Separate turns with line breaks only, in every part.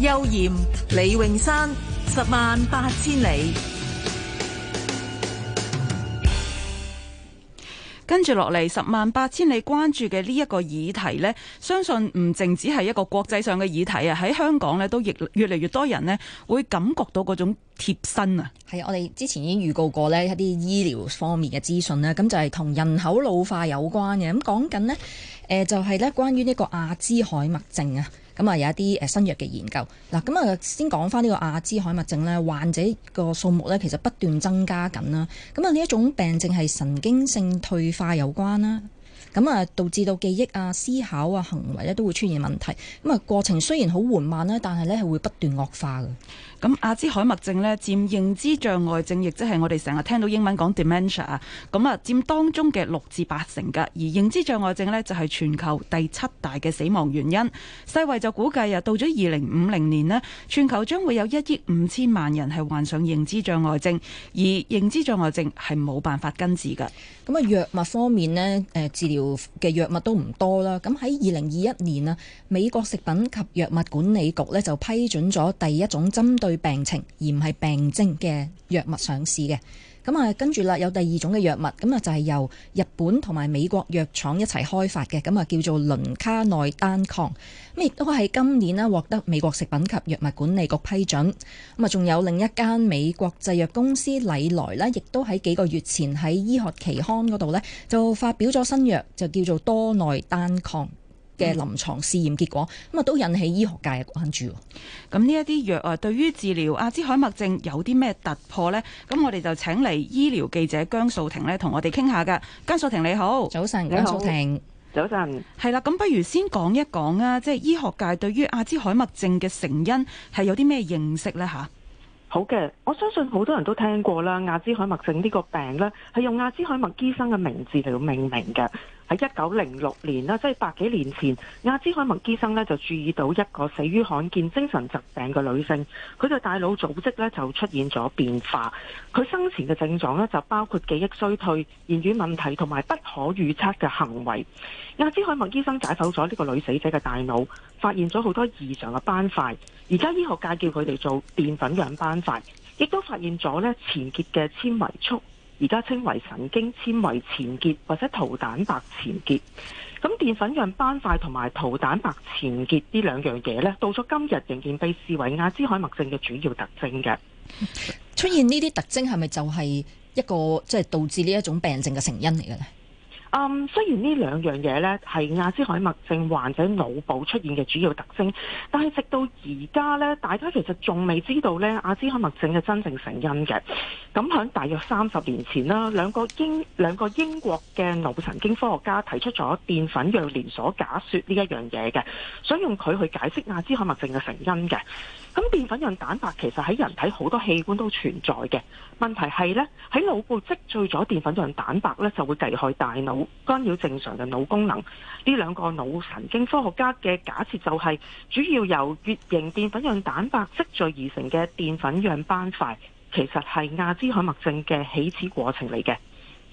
邱焱、李泳山，十萬八千里。跟住落嚟，十萬八千里關注嘅呢一個議題呢，相信唔淨只係一個國際上嘅議題啊！喺香港呢，都越越嚟越多人呢會感覺到嗰種貼身啊！
係啊，我哋之前已經預告過呢一啲醫療方面嘅資訊啦，咁就係同人口老化有關嘅。咁講緊呢，誒、呃，就係、是、呢關於呢個阿茲海默症啊。咁啊、嗯，有一啲誒、呃、新藥嘅研究嗱，咁啊，先講翻呢個阿茲海默症咧，患者個數目咧其實不斷增加緊啦。咁啊，呢一種病症係神經性退化有關啦。咁啊，導致到記憶啊、思考啊、行為咧都會出現問題。咁啊，過程雖然好緩慢啦，但
係咧係會不斷惡化嘅。咁阿茲海默症咧，佔認知障礙症，亦即係我哋成日聽到英文講 dementia 啊。咁啊，佔當中嘅六至八成噶。而認知障礙症咧，就係全球第七大嘅死亡原因。世衛就估計啊，到咗二零五零年咧，全球將會有一億五千萬人係患上認知障礙症，而認知障礙症係冇辦法根治嘅。
咁啊，藥物方面咧，誒治療嘅藥物都唔多啦。咁喺二零二一年啊，美國食品及藥物管理局咧就批准咗第一種針對對病情而唔係病徵嘅藥物上市嘅。咁、嗯、啊跟住啦，有第二種嘅藥物，咁、嗯、啊就係、是、由日本同埋美國藥廠一齊開發嘅，咁、嗯、啊叫做侖卡奈單抗，咁亦都喺今年啦獲、啊、得美國食品及藥物管理局批准，咁啊仲有另一間美國製藥公司禮來呢，亦都喺幾個月前喺醫學期刊嗰度呢，就發表咗新藥，就叫做多
奈單抗。嘅臨床試驗結果咁啊，都引起醫學界嘅關注。咁呢一啲藥啊，對於治療阿茲海默症有啲咩突破呢？咁我哋就請嚟醫療記者姜素婷咧，同我哋傾下噶。姜素婷你好，早晨，姜素婷早晨。係啦，咁不如先講一講啊，即係醫學界對於阿茲海默症嘅成因係有啲咩認識呢？吓，
好嘅，我相信好多人都聽過啦，阿茲海默症呢個病咧，係用阿茲海默醫生嘅名字嚟到命名嘅。喺一九零六年啦，即係百幾年前，阿茲海默醫生呢就注意到一個死於罕見精神疾病嘅女性，佢嘅大腦組織呢就出現咗變化。佢生前嘅症狀呢就包括記憶衰退、言語問題同埋不可預測嘅行為。阿茲海默醫生解剖咗呢個女死者嘅大腦，發現咗好多異常嘅斑塊。而家醫學界叫佢哋做澱粉樣斑塊，亦都發現咗呢纏結嘅纖維束。而家稱為神經纖維前結或者 tau 蛋白前結，咁澱粉樣斑塊同埋 tau 蛋白前結呢兩樣嘢咧，到咗今日仍然被視為阿茲海默症嘅主要特徵嘅。出現呢啲特徵係咪就係
一個即係、就是、導致呢一種病症嘅成因嚟嘅呢？
嗯，um, 雖然呢兩樣嘢呢係阿茲海默症患者腦部出現嘅主要特徵，但係直到而家呢，大家其實仲未知道呢阿茲海默症嘅真正成因嘅。咁喺大約三十年前啦，兩個英兩個英國嘅腦神經科學家提出咗澱粉樣鏈鎖假説呢一樣嘢嘅，想用佢去解釋阿茲海默症嘅成因嘅。咁澱粉樣蛋白其實喺人體好多器官都存在嘅，問題係呢，喺腦部積聚咗澱粉樣蛋白呢，就會危害大腦。干擾正常嘅腦功能，呢兩個腦神經科學家嘅假設就係，主要由月形澱粉樣蛋白積聚而成嘅澱粉樣斑塊，其實係阿茲海默症嘅起始過程嚟嘅。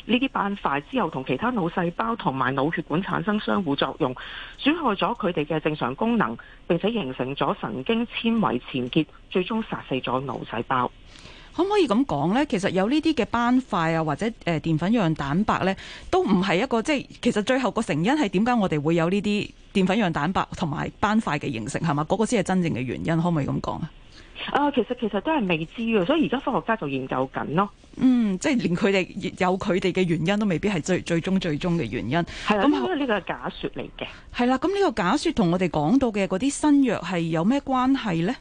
呢啲斑塊之後同其他腦細胞同埋腦血管產生相互作用，損害咗佢哋嘅正常功能，並且形成咗神經纖維纏結，最終殺死咗腦細胞。可唔可以咁講呢？其實有呢啲
嘅斑塊啊，或者誒、呃、澱粉樣蛋白呢，都唔係一個即係其實最後個成因係點解我哋會有呢啲澱粉樣蛋白同埋斑塊嘅形成係嘛？嗰、嗰個先係真正嘅原因，可唔可以咁講啊？啊，其實其實都係未知嘅，所以而家科學家就研究緊咯。嗯，即係連佢哋有佢哋嘅原因都未必係最最終最終嘅原因。係啦的，那因為呢個係假説嚟嘅。係啦，咁呢個假説同我哋講到嘅嗰啲新藥係有咩關係
呢？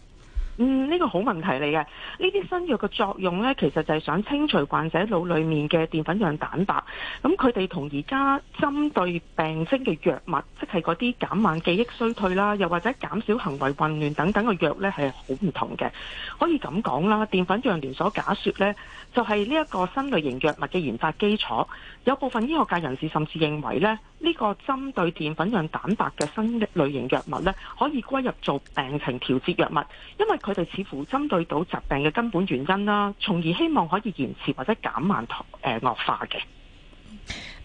嗯，呢、呢個好問題嚟嘅。呢啲新藥嘅作用呢，其實就係想清除患者腦裡面嘅澱粉樣蛋白。咁佢哋同而家針對病徵嘅藥物，即係嗰啲減慢記憶衰退啦，又或者減少行為混亂等等嘅藥呢，係好唔同嘅。可以咁講啦，澱粉樣連鎖假説呢，就係呢一個新類型藥物嘅研發基礎。有部分醫學界人士甚至認為呢。呢個針對澱粉樣蛋白嘅新的類型藥物咧，可以歸入做病情調節藥物，因為佢哋似乎針對到疾病嘅根本原因啦，從而希望可以延遲或者減慢誒，呃，惡化嘅。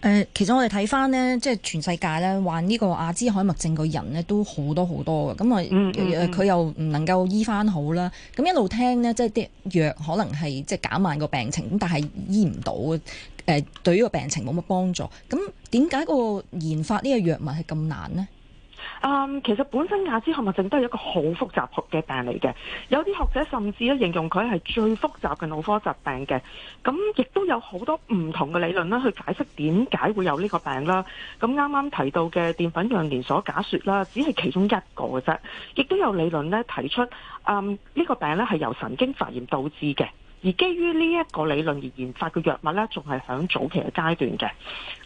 誒、
呃，其實我哋睇翻咧，即係全世界咧患個呢個阿茲海默症嘅人咧都好多好多嘅，咁啊，佢、嗯嗯嗯、又唔能夠醫翻好啦。咁一路聽咧，即係啲藥可能係即係減慢病、呃、個病情，咁但係醫唔到，誒，對呢個病情冇乜幫助。咁點解個研發個藥呢個
藥物係咁難咧？嗯，um, 其實本身阿茲海默症都係一個好複雜嘅病嚟嘅，有啲學者甚至咧形容佢係最複雜嘅腦科疾病嘅。咁亦都有好多唔同嘅理論啦，去解釋點解會有呢個病啦。咁啱啱提到嘅澱粉樣連鎖假說啦，只係其中一個嘅啫。亦都有理論咧提出，嗯，呢、呢個病咧係由神經發炎導致嘅。而基於呢一個理論而研發嘅藥物呢，仲係喺早期嘅階段嘅。誒、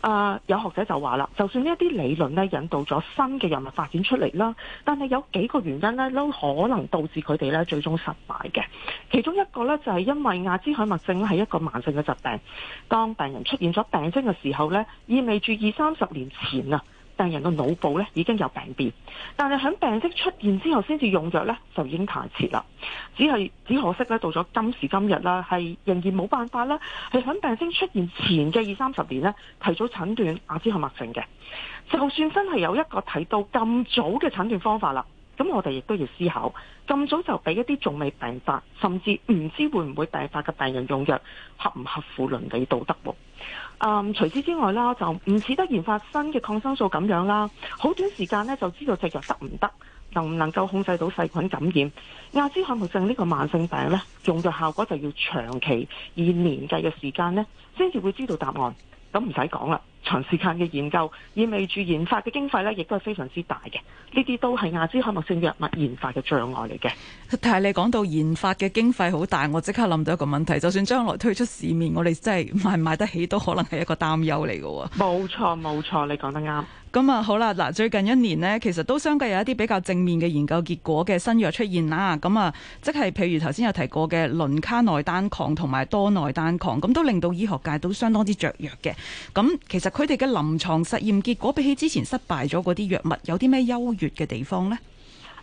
呃，有學者就話啦，就算呢一啲理論呢，引導咗新嘅藥物發展出嚟啦，但係有幾個原因呢都可能導致佢哋呢最終失敗嘅。其中一個呢，就係、是、因為阿茲海默症咧係一個慢性嘅疾病，當病人出現咗病徵嘅時候呢，意味住二三十年前啊。病人嘅腦部咧已經有病變，但係喺病徵出現之後先至用藥咧就已經太遲啦。只係只可惜咧，到咗今時今日啦，係仍然冇辦法咧，係喺病徵出現前嘅二三十年咧提早診斷阿茲海默症嘅。就算真係有一個提到咁早嘅診斷方法啦。咁我哋亦都要思考，咁早就俾一啲仲未病發，甚至唔知會唔會病發嘅病人用藥，合唔合乎倫理道德喎？嗯，除此之外啦，就唔似得研發新嘅抗生素咁樣啦，好短時間呢，就知道隻藥得唔得，能唔能夠控制到細菌感染？阿茲海默症呢個慢性病呢，用藥效果就要長期以年計嘅時間呢，先至會知道答案。咁唔使講啦。長時間嘅研究意味住研發嘅經費咧，亦都係非常之大嘅。呢啲都係阿茲海默症藥物研發嘅障礙嚟嘅。
但係你講到研發嘅經費好大，我即刻諗到一個問題，就算將來推出市面，我哋真係買唔買得起都可能係一個擔憂嚟嘅。冇錯，冇錯，你講得啱。咁啊，好啦，嗱，最近一年呢，其實都相繼有一啲比較正面嘅研究結果嘅新藥出現啦。咁啊，即係譬如頭先有提過嘅倫卡奈單抗同埋多奈單抗，咁都令到醫學界都相當之雀躍嘅。咁其實佢哋嘅臨床實驗結果比起之前失
敗咗嗰啲藥物，有啲咩優越嘅地方呢？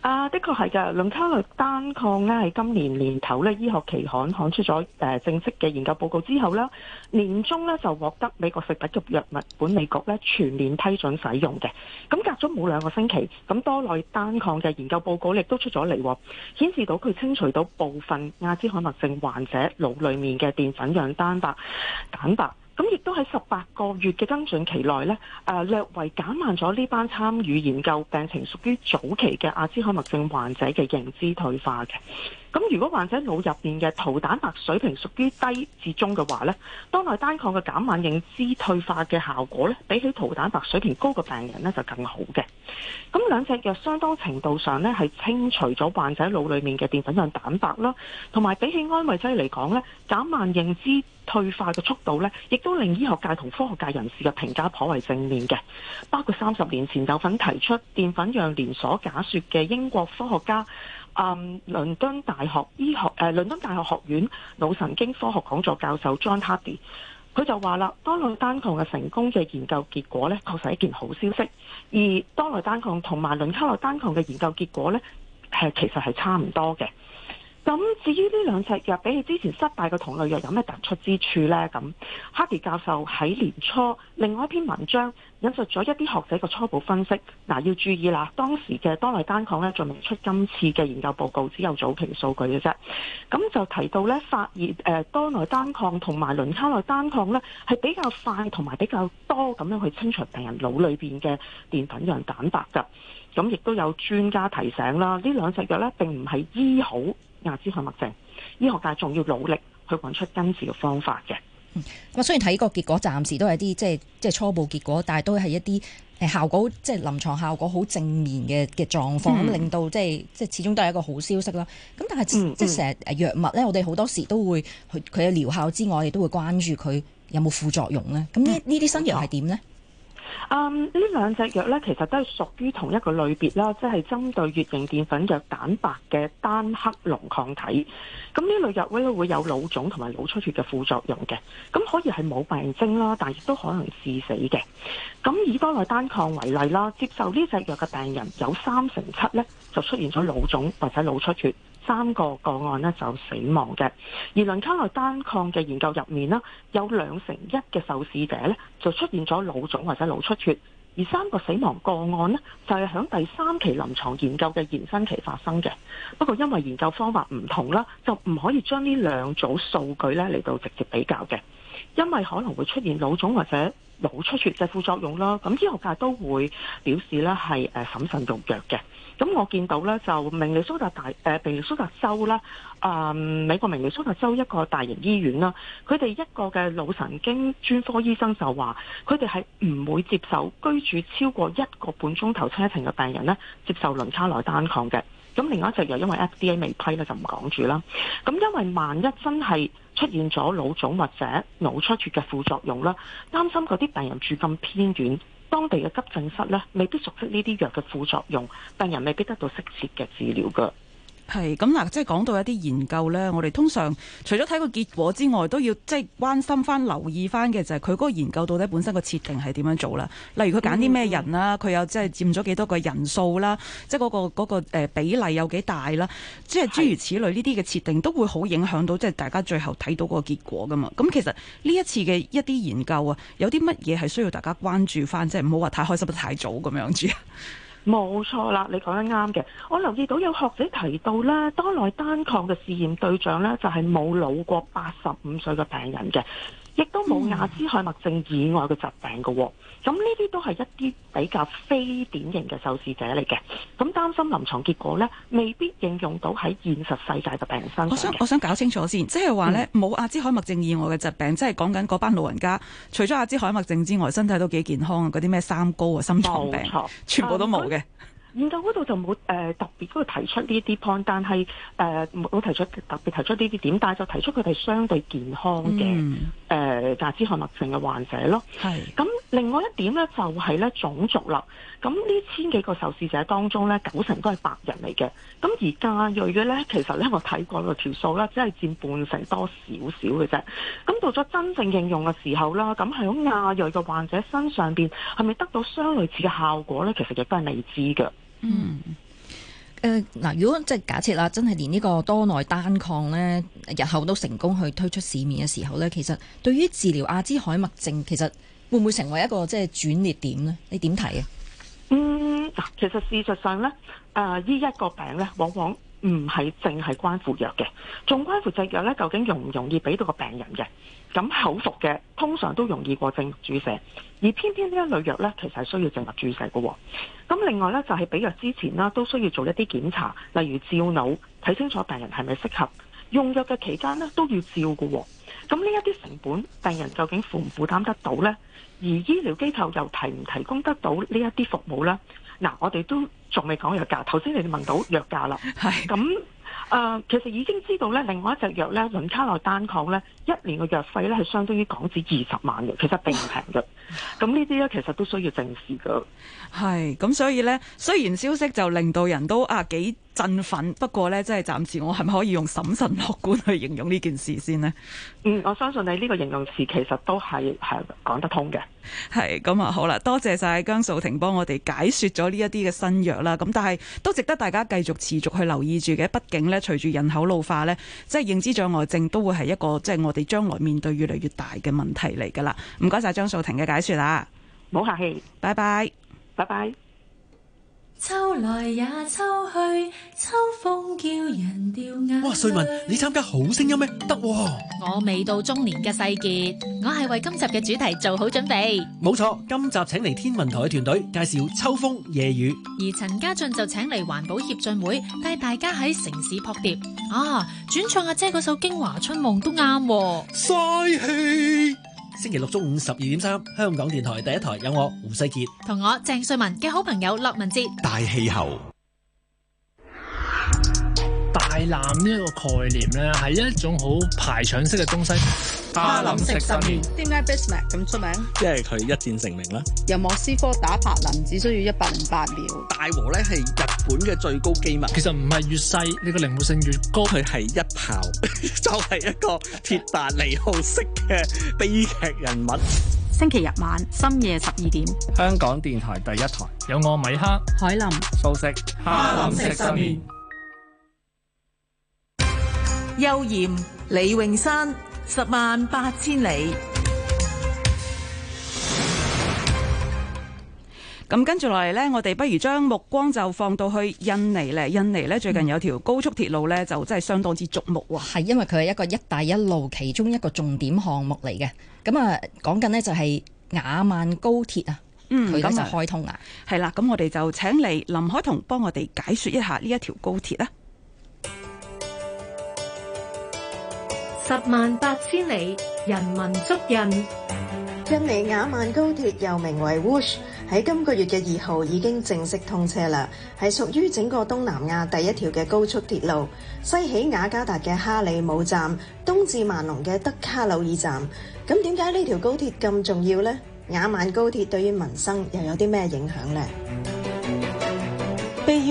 啊，的確係噶倫卡律單抗咧喺今年年頭咧醫學期刊刊出咗誒、呃、正式嘅研究報告之後咧，年中咧就獲得美國食品及藥物管理局咧全面批准使用嘅。咁隔咗冇兩個星期，咁多奈單抗嘅研究報告亦都出咗嚟，顯示到佢清除到部分阿爾茲海默症患者腦裏面嘅澱粉樣蛋白蛋白。蛋白咁亦都喺十八個月嘅跟進期內咧，誒、呃、略為減慢咗呢班參與研究病情屬於早期嘅阿茲海默症患者嘅認知退化嘅。咁如果患者腦入邊嘅 Tau 蛋白水平屬於低至中嘅話呢，當內單抗嘅減慢認知退化嘅效果呢，比起 Tau 蛋白水平高嘅病人呢，就更好嘅。咁兩隻藥相當程度上呢，係清除咗患者腦裏面嘅澱粉樣蛋白啦，同埋比起安慰劑嚟講呢，減慢認知退化嘅速度呢，亦都令醫學界同科學界人士嘅評價頗為正面嘅。包括三十年前有份提出澱粉樣連鎖假説嘅英國科學家。嗯，um, 倫敦大學醫學誒、呃、倫敦大學學院腦神經科學講座教授 John Hardy，佢就話啦，多奈單抗嘅成功嘅研究結果咧，確實係一件好消息。而多奈單抗同埋倫卡奈單抗嘅研究結果咧，係其實係差唔多嘅。咁至於呢兩隻藥比起之前失敗嘅同類藥有咩突出之處呢？咁哈迪教授喺年初另外一篇文章引述咗一啲學者嘅初步分析。嗱，要注意啦，當時嘅多奈單抗咧，仲未出今次嘅研究報告，只有早期數據嘅啫。咁就提到咧，發現誒、呃、多奈單抗同埋倫卡奈單抗咧，係比較快同埋比較多咁樣去清除病人腦裏邊嘅澱粉樣蛋白㗎。咁亦都有專家提醒啦，呢兩隻藥咧，並唔係醫好。阿茲海默症，醫學界仲要努力去揾出根治嘅方法嘅。
嗯，咁啊，雖然睇個結果暫時都係啲即係即係初步結果，但係都係一啲誒、效果，即係臨床效果好正面嘅嘅狀況，咁、嗯、令到即係即係始終都係一個好消息啦。咁但係、嗯嗯、即係成日藥物咧，我哋好多時都會佢佢嘅療效之外，亦都會關注
佢有冇副作用咧。
咁呢呢啲新藥
係點咧？嗯嗯嗯，um, 兩藥呢兩隻藥咧，其實都係屬於同一個類別啦，即係針對乙型澱粉樣蛋白嘅單克隆抗體。咁呢類藥咧會有腦腫同埋腦出血嘅副作用嘅，咁可以係冇病徵啦，但亦都可能致死嘅。咁以多奈單抗為例啦，接受呢隻藥嘅病人有三成七咧就出現咗腦腫或者腦出血。三個個案咧就死亡嘅，而倫卡奈單抗嘅研究入面咧，有兩成一嘅受試者咧就出現咗腦腫或者腦出血，而三個死亡個案咧就係、是、喺第三期臨床研究嘅延伸期發生嘅。不過因為研究方法唔同啦，就唔可以將呢兩組數據咧嚟到直接比較嘅。因為可能會出現腦腫或者腦出血嘅副作用啦，咁醫學界都會表示咧係誒審慎用藥嘅。咁、呃、我見到咧就明尼蘇達大誒、呃、明尼蘇達州啦，啊、呃、美國明尼蘇達州一個大型醫院啦，佢哋一個嘅腦神經專科醫生就話，佢哋係唔會接受居住超過一個半鐘頭車程嘅病人咧接受倫卡奈單抗嘅。咁另外一隻又因為 FDA 未批咧就唔講住啦。咁因為萬一真係，出現咗腦腫或者腦出血嘅副作用啦，擔心嗰啲病人住咁偏遠，當地嘅急症室咧未必熟悉呢啲藥嘅副作用，病人未必得到適切嘅治療噶。係咁
嗱，即係講到一啲研究咧，我哋通常除咗睇個結果之外，都要即係關心翻、留意翻嘅就係佢嗰個研究到底本身個設定係點樣做啦。例如佢揀啲咩人啦，佢又、嗯、即係佔咗幾多個人數啦，即係嗰個、嗰個、嗰個誒比例有幾大啦，即係諸如此類呢啲嘅設定都會好影響到即係大家最後睇到個結果噶嘛。咁其實呢一次嘅一啲研究啊，有啲乜嘢係需要大家關注翻，即係唔好話太開心得太早咁
樣住。 冇錯啦，你講得啱嘅。我留意到有學者提到咧，多奈單抗嘅試驗對象咧就係冇老過八十五歲嘅病人嘅。亦都冇阿茲海默症以外嘅疾病嘅，哦，咁呢啲都係一啲比較非典型嘅受試者嚟嘅。咁擔心臨床結果呢未必應用到喺
現實世界嘅病人身上。我想我想搞清楚先，即係話呢，冇阿茲海默症以外嘅疾病，即係講緊嗰班老人家，除咗阿茲海默症之外，身體都幾健康，嗰啲咩三高啊、心臟病，錯全部都冇嘅、
嗯。研究嗰度就冇誒特別去提出呢啲 point，但係誒冇提出特別提出呢啲點，但係、呃、就提出佢哋相對健康嘅。嗯。誒，阿茲海默症嘅患者咯，係咁是。另外一點咧，就係、是、咧種族啦。咁呢千幾個受試者當中咧，九成都係白人嚟嘅。咁而亞裔嘅咧，其實咧我睇過個條數啦，只係佔半成多少少嘅啫。咁到咗真正應用嘅時候啦，咁喺亞裔嘅患者身上邊，係咪得到相類似嘅效果咧？其實亦都係未知嘅。嗯。
誒嗱、呃，如果即係假設啦，真係連呢個多奈單抗咧，日後都成功去推出市面嘅時候咧，其實對於治療阿茲海默症，其實會唔會成為一個即係轉捩點咧？你點睇啊？嗯，
其實事實上咧，誒、呃、呢一個病咧，往往。唔係淨係關乎藥嘅，仲關乎隻藥咧，究竟容唔容易俾到個病人嘅？咁口服嘅通常都容易過靜脈注射，而偏偏呢一類藥咧，其實係需要靜脈注射嘅、哦。咁另外咧，就係、是、俾藥之前啦，都需要做一啲檢查，例如照腦，睇清楚病人係咪適合用藥嘅期間咧，都要照嘅、哦。咁呢一啲成本，病人究竟負唔負擔得到咧？而醫療機構又提唔提供得到呢一啲服務咧？嗱，我哋都仲未講藥價。頭先你哋問到藥價啦，咁誒、 嗯呃，其實已經知道咧，另外一隻藥咧，倫卡奈單抗咧，一年嘅藥費咧，係相當於港紙二十萬嘅，其實並唔平嘅。咁、 嗯、呢啲咧，其實都需要正視㗎。係
咁所以咧，雖然消息就令到人都啊幾。振奮，不過呢，即係暫時，我係咪可以用審慎樂觀去形容呢件事先呢？嗯，我相信你呢個形容詞其實都係
係講得通嘅。
係咁啊，好啦，多謝晒姜素婷幫我哋解説咗呢一啲嘅新藥啦。咁但係都值得大家繼續持續去留意住嘅。畢竟呢，隨住人口老化呢，即係認知障礙症都會係一個即係、就是、我哋將來面對越嚟越大嘅問題嚟㗎啦。唔該晒，姜素婷嘅解説啊，冇客氣，拜拜 bye，拜拜。
秋來也秋去，秋風叫人掉眼淚。哇！穗文，
你參加好聲音咩？得喎！
我未到中年嘅世節，我係為今集嘅主題做好準備。
冇錯，今集請嚟天文台嘅團隊介紹秋風夜雨，
而陳家俊就請嚟環保協進會，帶大家喺城市撲蝶。啊，轉唱阿姐嗰首《京華春夢》都啱喎，
啊！嘥氣。星期六中午十二點三，香港電台第一台有我胡世杰，
同我鄭瑞文嘅好朋友駱文哲。
大氣候、大
藍呢一個概念咧，係一種好排場式嘅東西。哈林食十
年，點解 Bismarck 咁出名？
即係佢一戰成名啦。
由莫斯科打柏林只需要一百零八秒。
大和咧，係日本嘅最高機密。其實唔係越細你、呢個靈活性越
高，佢係一炮 就係一個鐵達尼號式嘅悲劇人物。
星期日晚深夜十二點，香港電台第一台有我米克、海林、素食、哈林食十年、
邱賢、李詠山。十萬八千里。咁跟住落嚟呢，我哋不如將目光就放到去印尼咧。印尼呢，最近有條高速鐵路呢，就真係相當之矚目，
係因為佢係一個一帶一路其中一個重點項目嚟嘅。
咁啊，講緊呢就係雅萬高鐵啊，嗯，咁呢是就開通啊，係啦。咁我哋就請嚟林鎧潼幫我哋解說一下呢一條高鐵啦。
十萬八千里，人民足印。印尼雅萬高鐵又名為 Wush，喺今個月嘅二號已經正式通車啦，係屬於整個東南亞第一條嘅高速鐵路，西起雅加達嘅哈利姆站，東至萬隆嘅德卡魯爾站。咁點解呢條高鐵咁重要呢？雅萬高鐵對於民生又有啲咩影響呢？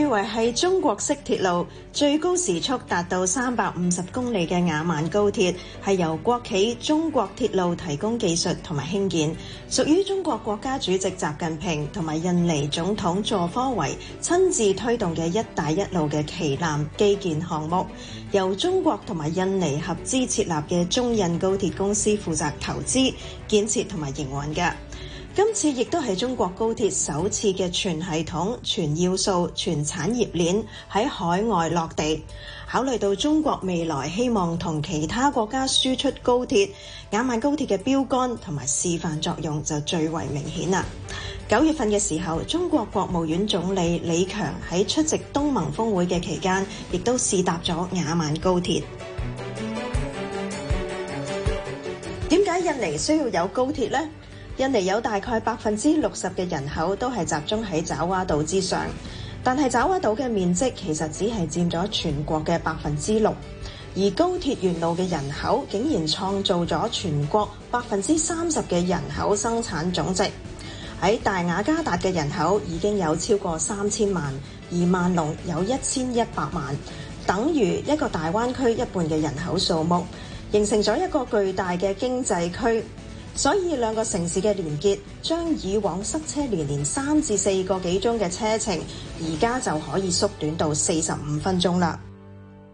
以為係中國式鐵路，最高時速達到三百五十公里嘅雅萬高鐵，係由國企中國鐵路提供技術同埋興建，屬於中國國家主席習近平同埋印尼總統佐科維親自推動嘅“一帶一路”嘅旗艦基建項目，由中國同埋印尼合資設立嘅中印高鐵公司負責投資、建設同埋營運㗎。今次亦都係中國高鐵首次嘅全系統、全要素、全產業鏈喺海外落地。考慮到中國未來希望同其他國家輸出高鐵，雅萬高鐵嘅標杆同埋示範作用就最為明顯啦。九月份嘅時候，中國國務院總理李強喺出席東盟峰會嘅期間，亦都試搭咗雅萬高鐵。點解印尼需要有高鐵呢？印尼有大概百分之六十嘅人口都係集中喺爪哇島之上，但係爪哇島嘅面積其實只係佔咗全國嘅百分之六，而高鐵沿路嘅人口竟然創造咗全國百分之三十嘅人口生產總值。喺大雅加達嘅人口已經有超過三千萬，而萬隆有一千一百萬，等於一個大灣區一半嘅人口數目，形成咗一個巨大嘅經濟區。所以，兩個城市嘅連結，將以往塞車連連三至四個幾鐘嘅車程，而家就可以縮短到四十五分鐘啦。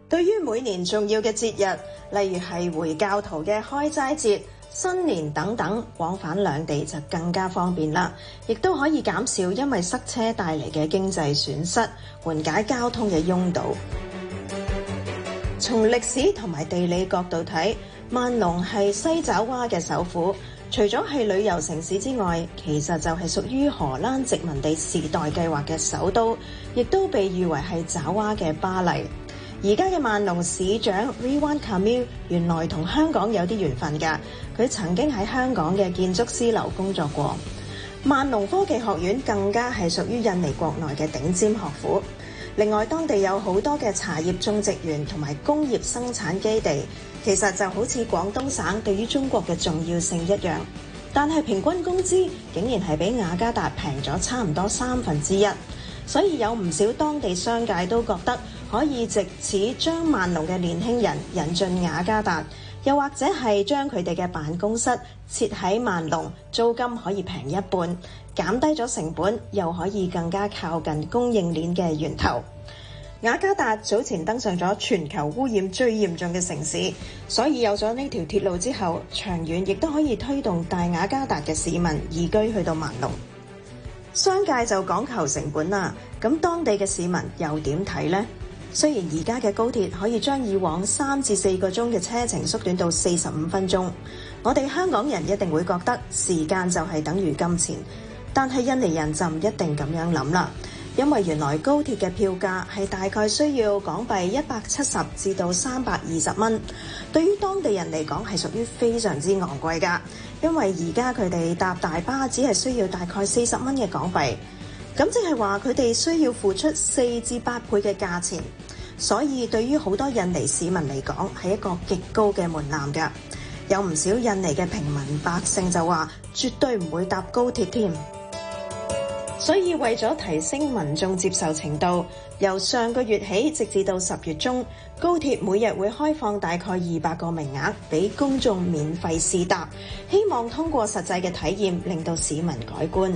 對於每年重要嘅節日，例如係回教徒嘅開齋節、新年等等，往返兩地就更加方便啦，亦都可以減少因為塞車帶嚟嘅經濟損失，緩解交通嘅擁堵。從歷史同埋地理角度睇。萬隆係西爪哇嘅首府，除咗係旅遊城市之外，其實就係屬於荷蘭殖民地時代計劃嘅首都，亦都被譽為係爪哇嘅巴黎。而家嘅萬隆市長 Ridwan Kamil，原來同香港有啲緣分噶，佢曾經喺香港嘅建築師樓工作過。萬隆科技學院更加係屬於印尼國內嘅頂尖學府。另外，當地有好多嘅茶葉種植園同埋工業生產基地，其實就好似廣東省對於中國嘅重要性一樣。但係平均工資竟然係比雅加達平咗差唔多三分之一，所以有唔少當地商界都覺得可以藉此將萬隆嘅年輕人引進雅加達。又或者係將佢哋嘅辦公室設喺萬隆，租金可以平一半，減低咗成本，又可以更加靠近供應鏈嘅源頭。雅加達早前登上咗全球污染最嚴重嘅城市，所以有咗呢條鐵路之後，長遠亦都可以推動大雅加達嘅市民移居去到萬隆。商界就講求成本啦，咁當地嘅市民又點睇呢？雖然而家嘅高鐵可以將以往三至四個鐘嘅車程縮短到四十五分鐘，我哋香港人一定會覺得時間就係等於金錢，但係印尼人就唔一定咁樣諗啦，因為原來高鐵嘅票價係大概需要港幣一百七十至到三百二十蚊，對於當地人嚟講係屬於非常之昂貴㗎，因為而家佢哋搭大巴只係需要大概四十蚊嘅港幣。咁即係話佢哋需要付出四至八倍嘅價錢，所以對於好多印尼市民嚟講，係一個極高嘅門檻噶。有唔少印尼嘅平民百姓就話絕對唔會搭高鐵添。所以為咗提升民眾接受程度，由上個月起直至到十月中，高鐵每日會開放大概二百個名額俾公眾免費試搭，希望通過實際嘅體驗令到市民改觀。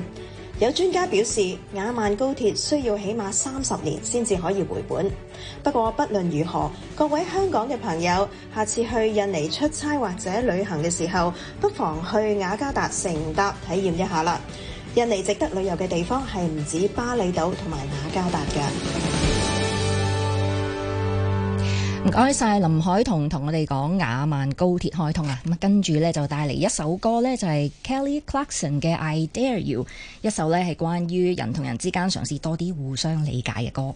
有專家表示，雅萬高鐵需要起碼三十年先至可以回本。不過，不論如何，各位香港嘅朋友，下次去印尼出差或者旅行嘅時候，不妨去雅加達乘搭體驗一下啦。印尼值得旅遊嘅地方係唔止巴厘島同埋雅加達㗎。
唔該晒林鎧潼同我哋講雅萬高鐵開通啊，咁啊跟住咧就帶嚟一首歌咧就係、是、Kelly Clarkson 嘅 I Dare You，一首咧係關於人同人之間嘗試多啲互相理解嘅歌。